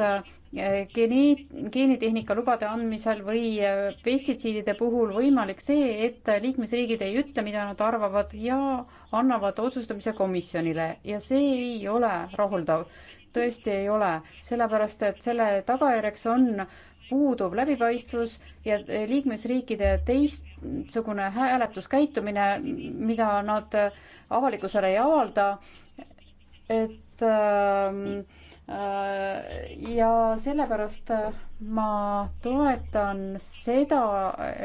Äh, geeni-, geenitehnika lubade andmisel või äh, pestitsiidide puhul võimalik see, et liikmesriigid ei ütle, mida nad arvavad ja annavad otsustamise komisjonile ja see ei ole rahuldav. tõesti ei ole, sellepärast et selle tagajärjeks on puuduv läbipaistvus ja äh, liikmesriikide teistsugune hääletuskäitumine, mida nad avalikkusele ei avalda, et äh, Äh, ja sellepärast äh, ma toetan seda,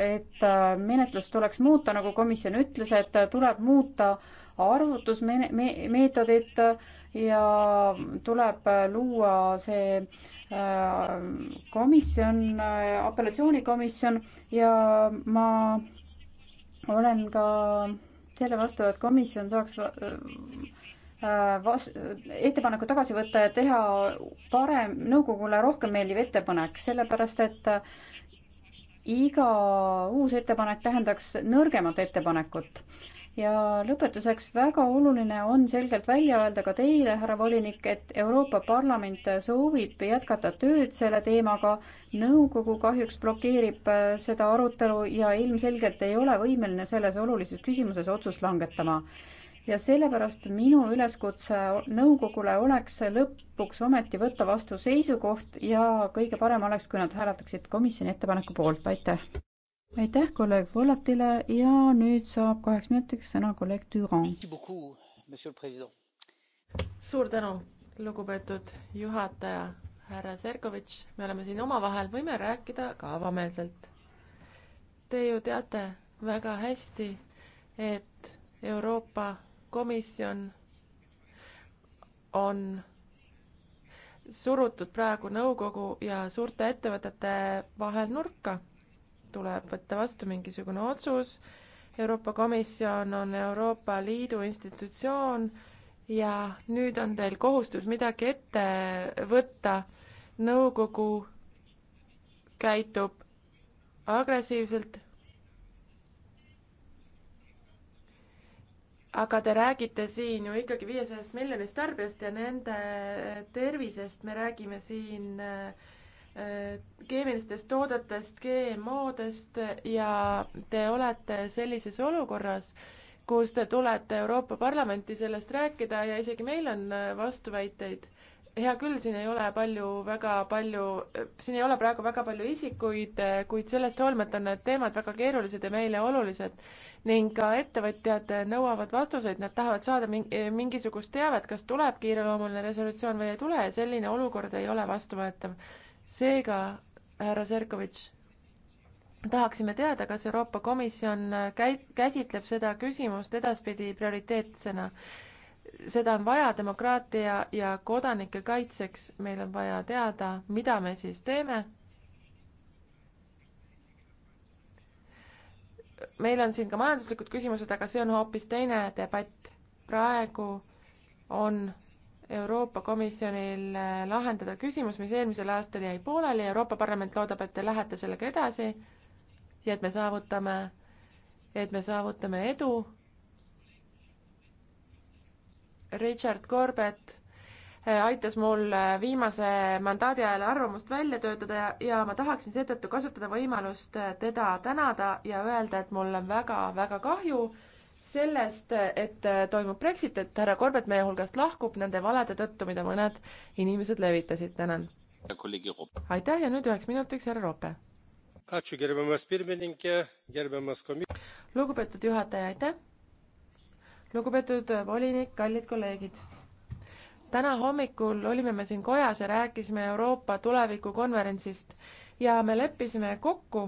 et äh, menetlust tuleks muuta, nagu komisjon ütles, et tuleb muuta arvutusmeetodit ja tuleb luua see komisjon, apellatsioonikomisjon ja ma olen ka selle vastu, et komisjon saaks Äh, vas-, ettepaneku tagasi võtta ja teha parem, nõukogule rohkem meeldiv ettepanek, sellepärast et äh, iga uus ettepanek tähendaks nõrgemat ettepanekut. ja lõpetuseks väga oluline on selgelt välja öelda ka teile, härra volinik, et Euroopa Parlament soovib jätkata tööd selle teemaga. nõukogu kahjuks blokeerib äh, seda arutelu ja ilmselgelt ei ole võimeline selles olulises küsimuses otsust langetama ja sellepärast minu üleskutse nõukogule oleks lõpuks ometi võtta vastu seisukoht ja kõige parem oleks, kui nad hääletaksid komisjoni ettepaneku poolt, aitäh! aitäh kolleeg Volatile ja nüüd saab kaheks minutiks sõna kolleeg Durand. suur tänu, lugupeetud juhataja, härra Sergovitš, me oleme siin omavahel, võime rääkida ka avameelselt. Te ju teate väga hästi, et komisjon on surutud praegu nõukogu ja suurte ettevõtete vahel nurka. tuleb võtta vastu mingisugune otsus. Euroopa Komisjon on Euroopa Liidu institutsioon ja nüüd on teil kohustus midagi ette võtta. nõukogu käitub agressiivselt aga te räägite siin ju ikkagi viiesajast miljonist tarbijast ja nende tervisest me räägime siin äh, äh, keemilistest toodetest, GMO-dest ja te olete sellises olukorras, kus te tulete Euroopa Parlamenti sellest rääkida ja isegi meil on äh, vastuväiteid hea küll, siin ei ole palju, väga palju, siin ei ole praegu väga palju isikuid, kuid sellest hoolimata on need teemad väga keerulised ja meile olulised. ning ka ettevõtjad nõuavad vastuseid, nad tahavad saada mingisugust teavet, kas tuleb kiireloomuline resolutsioon või ei tule ja selline olukord ei ole vastuvõetav. seega, härra Serkovitš, tahaksime teada, kas Euroopa Komisjon käi-, käsitleb seda küsimust edaspidi prioriteetsena seda on vaja demokraatia ja kodanike kaitseks, meil on vaja teada, mida me siis teeme. meil on siin ka majanduslikud küsimused, aga see on hoopis teine debatt. praegu on Euroopa Komisjonil eh, lahendada küsimus, mis eelmisel aastal jäi pooleli, Euroopa Parlament loodab, et te lähete sellega edasi ja et me saavutame, et me saavutame edu Richard Corbett äh, aitas mul äh, viimase mandaadi ajal arvamust välja töötada ja, ja ma tahaksin seetõttu kasutada võimalust äh, teda tänada ja öelda, et mul on väga-väga kahju sellest, et toimub Brexit, et härra Corbett meie hulgast lahkub nende valede tõttu, mida mõned inimesed levitasid. tänan. aitäh ja nüüd üheks minutiks härra Rope. lugupeetud juhataja, aitäh lugupeetud volinik, kallid kolleegid! täna hommikul olime me siin kojas ja rääkisime Euroopa tulevikukonverentsist ja me leppisime kokku,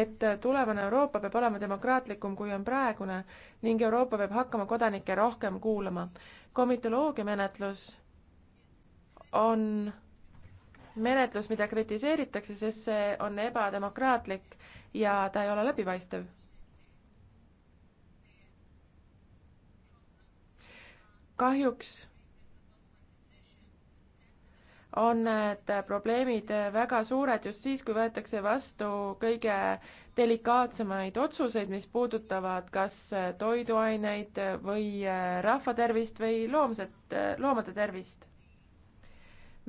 et tulevane Euroopa peab olema demokraatlikum, kui on praegune ning Euroopa peab hakkama kodanikke rohkem kuulama. komitoloogiamenetlus on menetlus, mida kritiseeritakse, sest see on ebademokraatlik ja ta ei ole läbipaistev kahjuks on need probleemid väga suured just siis, kui võetakse vastu kõige delikaatsemaid otsuseid, mis puudutavad kas toiduaineid või rahva tervist või loomset, loomade tervist.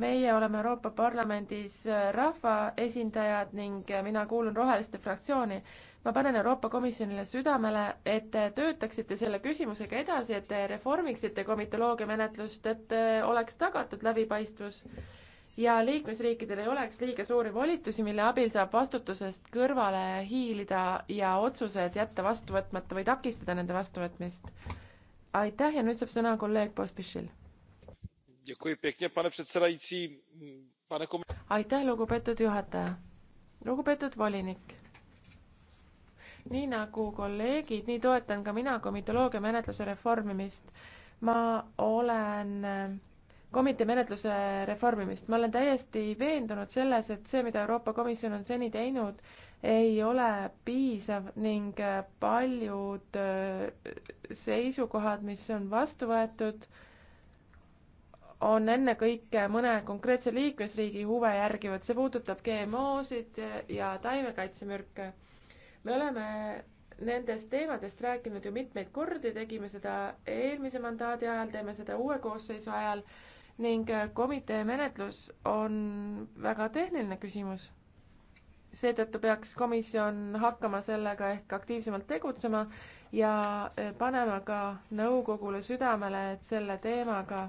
meie oleme Euroopa Parlamendis rahvaesindajad ning mina kuulun Roheliste fraktsiooni ma panen Euroopa Komisjonile südamele, et te töötaksite selle küsimusega edasi, et te reformiksite komitoloogia menetlust, et äh, oleks tagatud läbipaistvus ja liikmesriikidel ei oleks liiga suuri volitusi, mille abil saab vastutusest kõrvale hiilida ja otsused jätta vastu võtmata või takistada nende vastuvõtmist. aitäh ja nüüd saab sõna kolleeg Pospišil. aitäh, lugupeetud juhataja. lugupeetud volinik nii nagu kolleegid, nii toetan ka mina komitoloogia menetluse reformimist. ma olen äh, komitee menetluse reformimist, ma olen täiesti veendunud selles, et see, mida Euroopa Komisjon on seni teinud, ei ole piisav ning äh, paljud äh, seisukohad, mis on vastu võetud, on ennekõike mõne konkreetse liikmesriigi huve järgivad, see puudutab GMO-sid ja taimekaitsemürke me oleme nendest teemadest rääkinud ju mitmeid kordi, tegime seda eelmise mandaadi ajal, teeme seda uue koosseisu ajal ning äh, komitee menetlus on väga tehniline küsimus. seetõttu peaks komisjon hakkama sellega ehk aktiivsemalt tegutsema ja äh, panema ka nõukogule südamele, et selle teemaga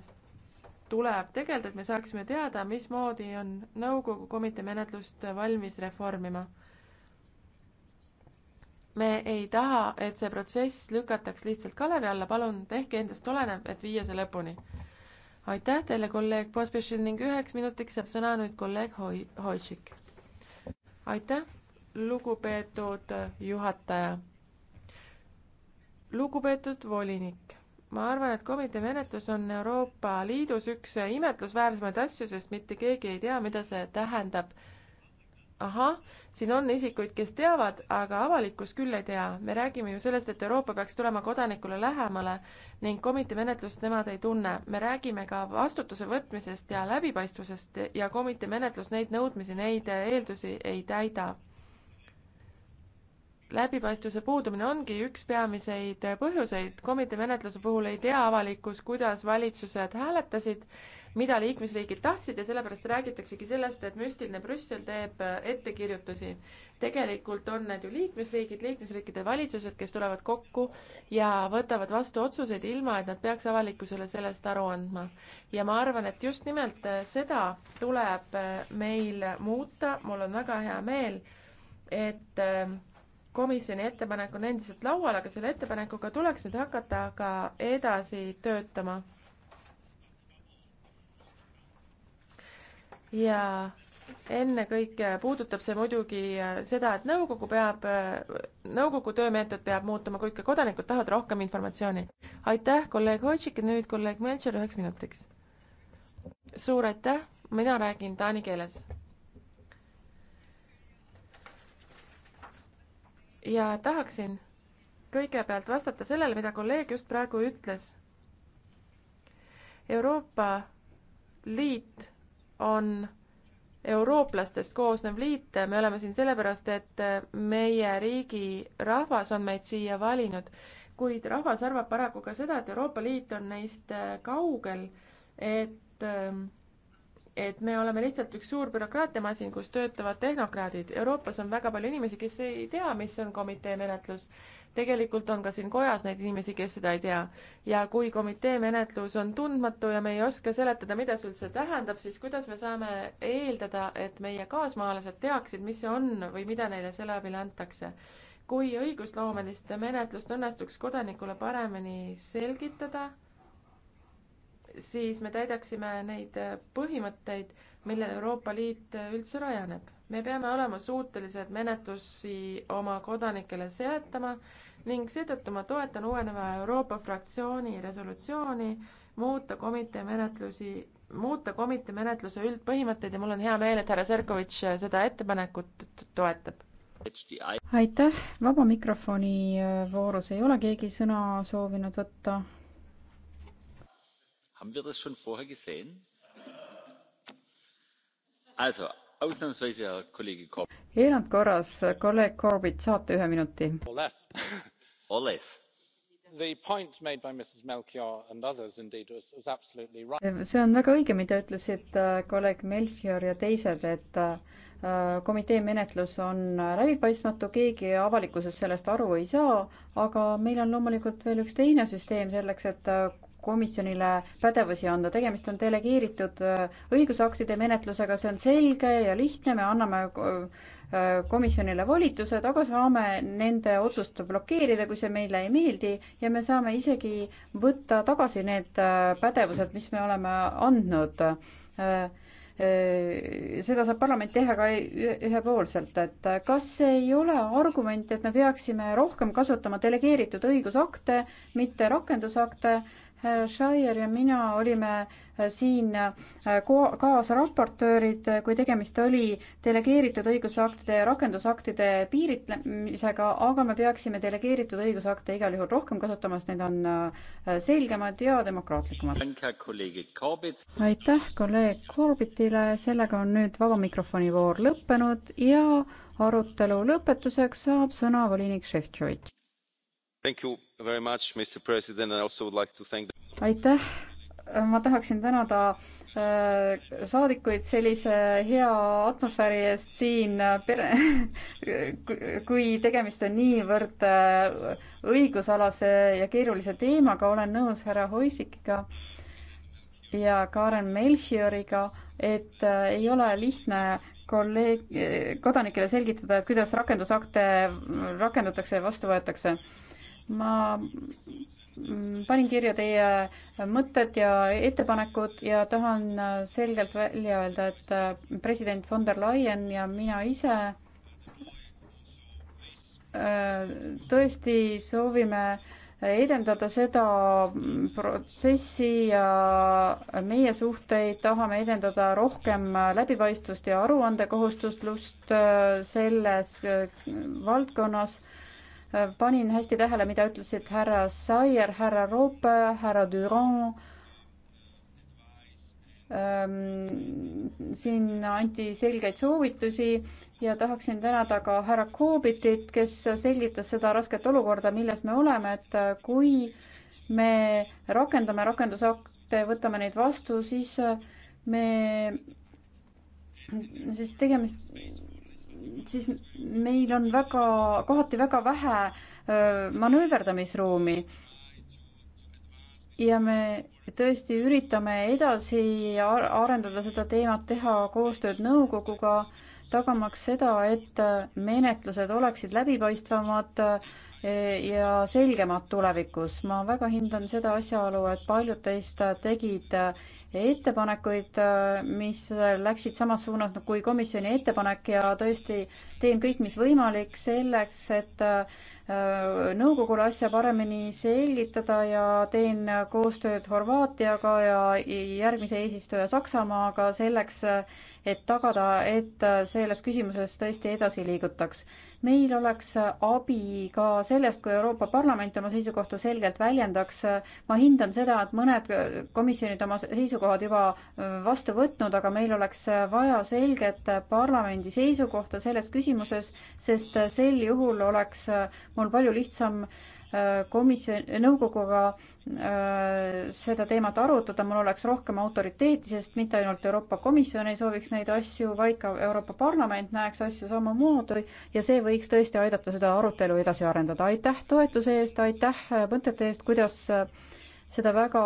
tuleb tegeleda, et me saaksime teada, mismoodi on nõukogu komitee menetlust valmis reformima me ei taha, et see protsess lükataks lihtsalt kalevi alla, palun tehke endast olenev, et viia see lõpuni. aitäh teile, kolleeg Pospešil ning üheks minutiks saab sõna nüüd kolleeg Hoi-, Hoitšik. aitäh, lugupeetud juhataja. lugupeetud volinik, ma arvan, et komitee menetlus on Euroopa Liidus üks imetlusväärsemaid asju, sest mitte keegi ei tea, mida see tähendab ahah, siin on isikuid, kes teavad, aga avalikkus küll ei tea. me räägime ju sellest, et Euroopa peaks tulema kodanikule lähemale ning komitee menetlust nemad ei tunne. me räägime ka vastutuse võtmisest ja läbipaistvusest ja komitee menetlus neid nõudmisi, neid eeldusi ei täida. läbipaistvuse puudumine ongi üks peamiseid põhjuseid. komitee menetluse puhul ei tea avalikkus, kuidas valitsused hääletasid mida liikmesriigid tahtsid ja sellepärast räägitaksegi sellest, et müstiline Brüssel teeb äh, ettekirjutusi. tegelikult on need ju liikmesriigid, liikmesriikide valitsused, kes tulevad kokku ja võtavad vastu otsuseid, ilma et nad peaks avalikkusele sellest aru andma. ja ma arvan, et just nimelt äh, seda tuleb äh, meil muuta, mul on väga hea meel, et ähm, komisjoni ettepanek on endiselt laual, aga selle ettepanekuga tuleks nüüd hakata ka edasi töötama ja ennekõike puudutab see muidugi äh, seda, et nõukogu peab, äh, nõukogu töömeetod peab muutuma, kuid ka kodanikud tahavad rohkem informatsiooni. aitäh, kolleeg Hoitšik ja nüüd kolleeg Meltšer üheks minutiks. suur aitäh, mina räägin taani keeles. ja tahaksin kõigepealt vastata sellele, mida kolleeg just praegu ütles. Euroopa Liit on eurooplastest koosnev liit, me oleme siin sellepärast, et meie riigi rahvas on meid siia valinud, kuid rahvas arvab paraku ka seda, et Euroopa Liit on neist kaugel, et et me oleme lihtsalt üks suur bürokraatiamasin, kus töötavad tehnokraadid. Euroopas on väga palju inimesi, kes ei tea, mis on komitee menetlus tegelikult on ka siin kojas neid inimesi, kes seda ei tea. ja kui komitee menetlus on tundmatu ja me ei oska seletada, mida see üldse tähendab, siis kuidas me saame eeldada, et meie kaasmaalased teaksid, mis see on või mida neile selle abil antakse? kui õigusloomelist menetlust õnnestuks kodanikule paremini selgitada, siis me täidaksime neid põhimõtteid, millel Euroopa Liit üldse rajaneb me peame olema suutelised menetlusi oma kodanikele seletama ning seetõttu ma toetan uueneva Euroopa fraktsiooni resolutsiooni muuta komitee menetlusi muuta komitee menetluse üldpõhimõtteid ja mul on hea meel, et härra Serkovitš seda ettepanekut toetab. aitäh, vaba mikrofoni äh, voorus ei ole keegi sõna soovinud võtta. erandkorras kolleeg Corbett, saate ühe minuti see on väga õige, mida ütlesid äh, kolleeg Melchior ja teised, et äh, äh, komitee menetlus on läbipaistmatu, keegi avalikkuses sellest aru ei saa, aga meil on loomulikult veel üks teine süsteem selleks, et komisjonile pädevusi anda, tegemist on delegeeritud äh, õigusaktide menetlusega, see on selge ja lihtne, me anname äh, komisjonile volitused, aga saame nende otsust blokeerida, kui see meile ei meeldi ja me saame isegi võtta tagasi need äh, pädevused, mis me oleme andnud. seda saab parlament teha ka ühepoolselt, et kas see ei ole argument, et me peaksime rohkem kasutama delegeeritud õigusakte, mitte rakendusakte härra Shire ja mina olime äh, siin äh, kaasraportöörid, äh, kui tegemist oli delegeeritud õigusaktide ja rakendusaktide piiritlemisega, aga me peaksime delegeeritud õigusakte igal juhul rohkem kasutama, sest need on selgemad ja demokraatlikumad. aitäh kolleeg Corbettile, sellega on nüüd vaba mikrofoni voor lõppenud ja arutelu lõpetuseks saab sõna volinik Šeftšovitš aitäh, ma tahaksin tänada äh, saadikuid sellise hea atmosfääri eest siin äh, pere, kui tegemist on niivõrd äh, õigusalase ja keerulise teemaga, olen nõus härra Hoisikiga ja Karen Melchioriga, et ei ole lihtne kolleeg, kodanikele selgitada, et kuidas rakendusakte rakendatakse ja vastu võetakse ma panin kirja teie mõtted ja ettepanekud ja tahan selgelt välja öelda, et äh, president von der Leyen ja mina ise äh, tõesti soovime edendada seda protsessi ja meie suhteid tahame edendada rohkem läbipaistvust ja aruandekohustuslust äh, selles valdkonnas panin hästi tähele, mida ütlesid härra Saier, härra Roope, härra Düron. Ähm, siin anti selgeid soovitusi ja tahaksin tänada ka härra Koobitit, kes selgitas seda rasket olukorda, milles me oleme, et kui me rakendame rakendusakte, võtame neid vastu, siis me, siis tegemist siis meil on väga, kohati väga vähe manööverdamisruumi. ja me tõesti üritame edasi arendada seda teemat, teha koostööd nõukoguga, tagamaks seda, et menetlused oleksid läbipaistvamad ja selgemad tulevikus. ma väga hindan seda asjaolu, et paljud teist tegid ettepanekuid, äh, mis läksid samas suunas nagu kui komisjoni ettepanek ja tõesti teen kõik, mis võimalik selleks, et äh, nõukogule asja paremini selgitada ja teen koostööd Horvaatiaga ja järgmise eesistuja Saksamaaga selleks, et tagada, et selles küsimuses tõesti edasi liigutaks. meil oleks abi ka sellest, kui Euroopa Parlament oma seisukohta selgelt väljendaks. ma hindan seda, et mõned komisjonid oma seisukohad juba vastu võtnud, aga meil oleks vaja selget parlamendi seisukohta selles küsimuses, sest sel juhul oleks on palju lihtsam äh, komisjon, nõukoguga äh, seda teemat arutada, mul oleks rohkem autoriteeti, sest mitte ainult Euroopa Komisjon ei sooviks neid asju, vaid ka Euroopa Parlament näeks asju samamoodi ja see võiks tõesti aidata seda arutelu edasi arendada. aitäh toetuse eest, aitäh äh, mõtete eest, kuidas seda väga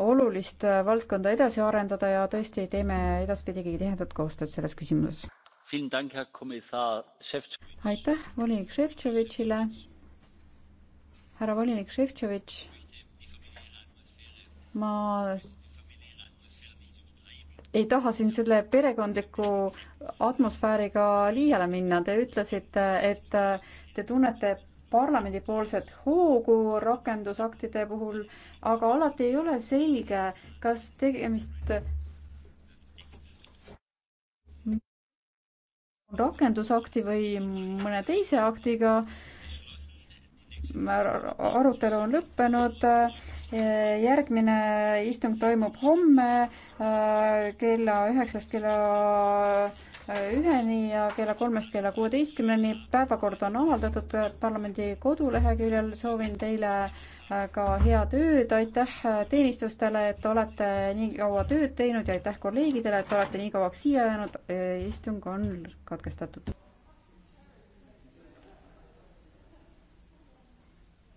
olulist valdkonda edasi arendada ja tõesti teeme edaspidigi tihedat koostööd selles küsimuses aitäh volinik Šefčovitšile. härra volinik Šefčovitš, ma ei taha siin selle perekondliku atmosfääriga liiale minna, te ütlesite, et te tunnete parlamendipoolset hoogu rakendusaktide puhul, aga alati ei ole selge, kas tegemist rakendusakti või mõne teise aktiga. arutelu on lõppenud. järgmine istung toimub homme äh, kella üheksast kella üheni ja kella kolmest kella kuueteistkümneni. päevakord on avaldatud parlamendi koduleheküljel. soovin teile ka head ööd, aitäh teenistustele, et olete nii kaua tööd teinud ja aitäh kolleegidele, et olete nii kauaks siia jäänud. istung on katkestatud.